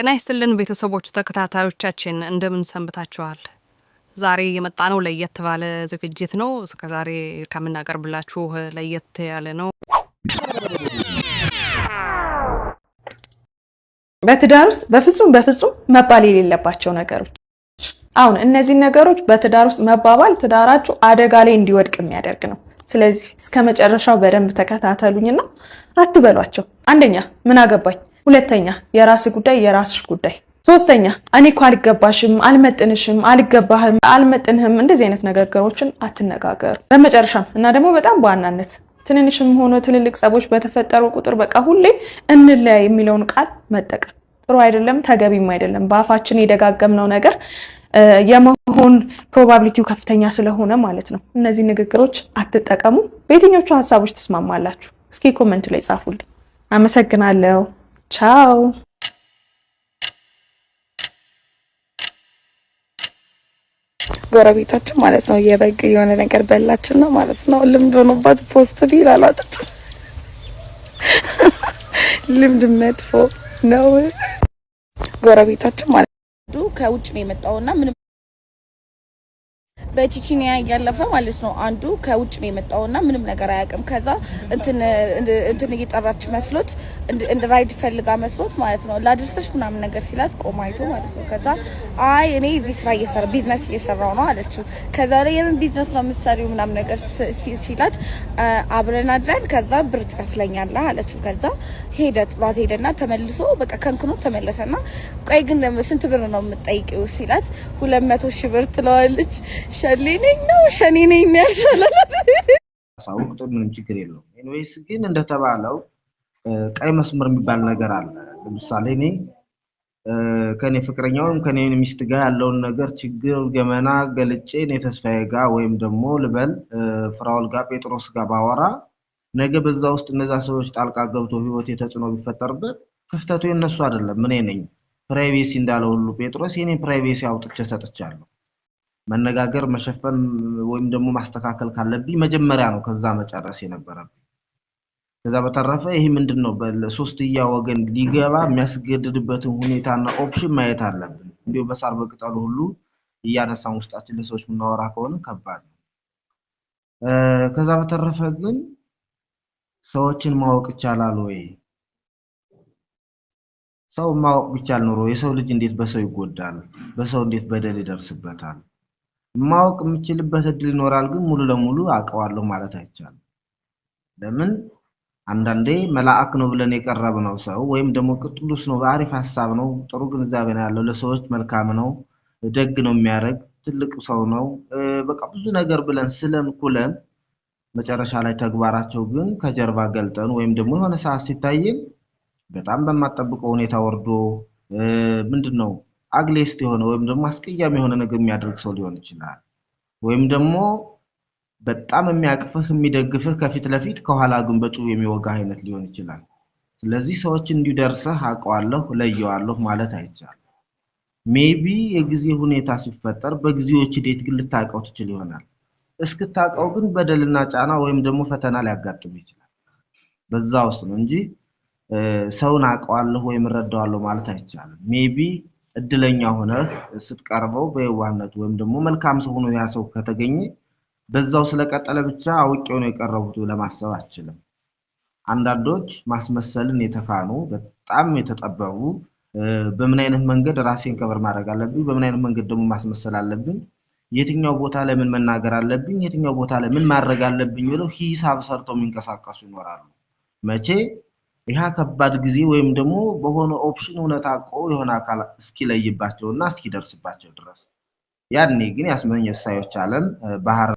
ጤና ይስጥልን ቤተሰቦች ተከታታዮቻችን እንደምን ሰንብታችኋል? ዛሬ የመጣ ነው ለየት ባለ ዝግጅት ነው። እስከዛሬ ከምናቀርብላችሁ ለየት ያለ ነው። በትዳር ውስጥ በፍጹም በፍጹም መባል የሌለባቸው ነገሮች አሁን እነዚህ ነገሮች በትዳር ውስጥ መባባል ትዳራችሁ አደጋ ላይ እንዲወድቅ የሚያደርግ ነው። ስለዚህ እስከ መጨረሻው በደንብ ተከታተሉኝና አትበሏቸው። አንደኛ ምን አገባኝ ሁለተኛ የራስ ጉዳይ የራስሽ ጉዳይ። ሶስተኛ እኔ እኮ አልገባሽም፣ አልመጥንሽም፣ አልገባህም፣ አልመጥንህም እንደዚህ አይነት ነገሮችን አትነጋገሩ። በመጨረሻም እና ደግሞ በጣም በዋናነት ትንንሽም ሆኖ ትልልቅ ጸቦች በተፈጠሩ ቁጥር በቃ ሁሌ እንለያ የሚለውን ቃል መጠቀም ጥሩ አይደለም፣ ተገቢም አይደለም። በአፋችን የደጋገምነው ነገር የመሆን ፕሮባቢሊቲው ከፍተኛ ስለሆነ ማለት ነው። እነዚህ ንግግሮች አትጠቀሙ። በየትኞቹ ሀሳቦች ትስማማላችሁ? እስኪ ኮመንት ላይ ጻፉልኝ። አመሰግናለሁ። Ciao! ጎረቤታችን ማለት ነው የበግ የሆነ ነገር በላችን ነው ማለት ነው። ልምድ ሆኖባት ፖስት ቢል አላወጣችም። ልምድ መጥፎ ነው። ጎረቤታችን ማለት ከውጭ ነው የመጣውና ምንም በቺቺኒያ እያለፈ ማለት ነው። አንዱ ከውጭ ነው የመጣውና ምንም ነገር አያውቅም። ከዛ እንትን እየጠራች መስሎት ራይድ ፈልጋ መስሎት ማለት ነው ላድርሰሽ ምናምን ነገር ሲላት ቆማ አይቶ ማለት ነው። ከዛ አይ እኔ እዚህ ስራ እየሰራ ቢዝነስ እየሰራው ነው አለችው። ከዛ ላይ የምን ቢዝነስ ነው የምትሰሪው ምናምን ነገር ሲላት አብረን አድረን ከዛ ብር ትከፍለኛለ አለችው። ከዛ ሄደ ጥሏት ሄደና ተመልሶ በቃ ከንክኖ ተመለሰና ቆይ ግን ስንት ብር ነው የምትጠይቂው ሲላት ሁለት መቶ ሺህ ብር ትለዋለች። ሸሌ ነኝ ነው ሸኔ ነኝ አሳውቅ፣ ምንም ችግር የለውም። ኤንዌይስ ግን እንደተባለው ቀይ መስመር የሚባል ነገር አለ። ለምሳሌ እኔ ከኔ ፍቅረኛ ወይም ከኔ ሚስት ጋር ያለውን ነገር ችግር ገመና ገልጬ እኔ ተስፋዬ ጋር ወይም ደግሞ ልበል ፍራውል ጋር ጴጥሮስ ጋር ባወራ ነገ በዛ ውስጥ እነዛ ሰዎች ጣልቃ ገብቶ ህይወት የተጽዕኖ ቢፈጠርበት ክፍተቱ የነሱ አይደለም፣ እኔ ነኝ። ፕራይቬሲ እንዳለ ሁሉ ጴጥሮስ የኔ ፕራይቬሲ አውጥቼ ሰጥቻለሁ። መነጋገር መሸፈን ወይም ደግሞ ማስተካከል ካለብኝ መጀመሪያ ነው ከዛ መጨረስ የነበረብኝ። ከዛ በተረፈ ይሄ ምንድን ነው ሶስትያ ወገን ሊገባ የሚያስገድድበትን ሁኔታና ኦፕሽን ማየት አለብን። እንዲሁ በሳር በቅጠሉ ሁሉ እያነሳን ውስጣችን ለሰዎች የምናወራ ከሆነ ከባድ ነው። ከዛ በተረፈ ግን ሰዎችን ማወቅ ይቻላል ወይ? ሰው ማወቅ ቢቻል ኑሮ የሰው ልጅ እንዴት በሰው ይጎዳል? በሰው እንዴት በደል ይደርስበታል? ማወቅ የምችልበት እድል ይኖራል፣ ግን ሙሉ ለሙሉ አውቀዋለሁ ማለት አይቻልም። ለምን አንዳንዴ መላእክ ነው ብለን የቀረብ ነው ሰው ወይም ደግሞ ቅዱስ ነው፣ በአሪፍ ሀሳብ ነው፣ ጥሩ ግንዛቤ ነው ያለው፣ ለሰዎች መልካም ነው፣ ደግ ነው የሚያደርግ ትልቅ ሰው ነው፣ በቃ ብዙ ነገር ብለን ስለን ኩለን መጨረሻ ላይ ተግባራቸው ግን ከጀርባ ገልጠን ወይም ደግሞ የሆነ ሰዓት ሲታየን በጣም በማጠብቀው ሁኔታ ወርዶ ምንድን ነው አግሌስት የሆነ ወይም ደግሞ አስቀያሚ የሆነ ነገር የሚያደርግ ሰው ሊሆን ይችላል። ወይም ደግሞ በጣም የሚያቅፍህ የሚደግፍህ፣ ከፊት ለፊት ከኋላ ግን በጩቤ የሚወጋ አይነት ሊሆን ይችላል። ስለዚህ ሰዎች እንዲደርሰህ አውቀዋለሁ፣ ለየዋለሁ ማለት አይቻልም። ሜቢ የጊዜ ሁኔታ ሲፈጠር በጊዜዎች ሂደት ግን ልታውቀው ትችል ይሆናል። እስክታውቀው ግን በደልና ጫና ወይም ደግሞ ፈተና ሊያጋጥም ይችላል። በዛ ውስጥ ነው እንጂ ሰውን አውቀዋለሁ ወይም እረዳዋለሁ ማለት አይቻልም ሜቢ እድለኛ ሆነህ ስትቀርበው በየዋህነቱ ወይም ደግሞ መልካም ሰው ሆኖ ያ ሰው ከተገኘ በዛው ስለቀጠለ ብቻ አውቄው ነው የቀረቡት ለማሰብ አችልም። አንዳንዶች ማስመሰልን የተካኑ በጣም የተጠበቡ በምን አይነት መንገድ ራሴን ከበር ማድረግ አለብኝ፣ በምን አይነት መንገድ ደግሞ ማስመሰል አለብኝ፣ የትኛው ቦታ ላይ ምን መናገር አለብኝ፣ የትኛው ቦታ ላይ ምን ማድረግ አለብኝ ብለው ሂሳብ ሰርተው የሚንቀሳቀሱ ይኖራሉ። መቼ ይህ ከባድ ጊዜ ወይም ደግሞ በሆነ ኦፕሽን እውነት አቆ የሆነ አካል እስኪለይባቸው እና እስኪደርስባቸው ድረስ ያኔ ግን የአስመኝ እሳዮች ዓለም ባህር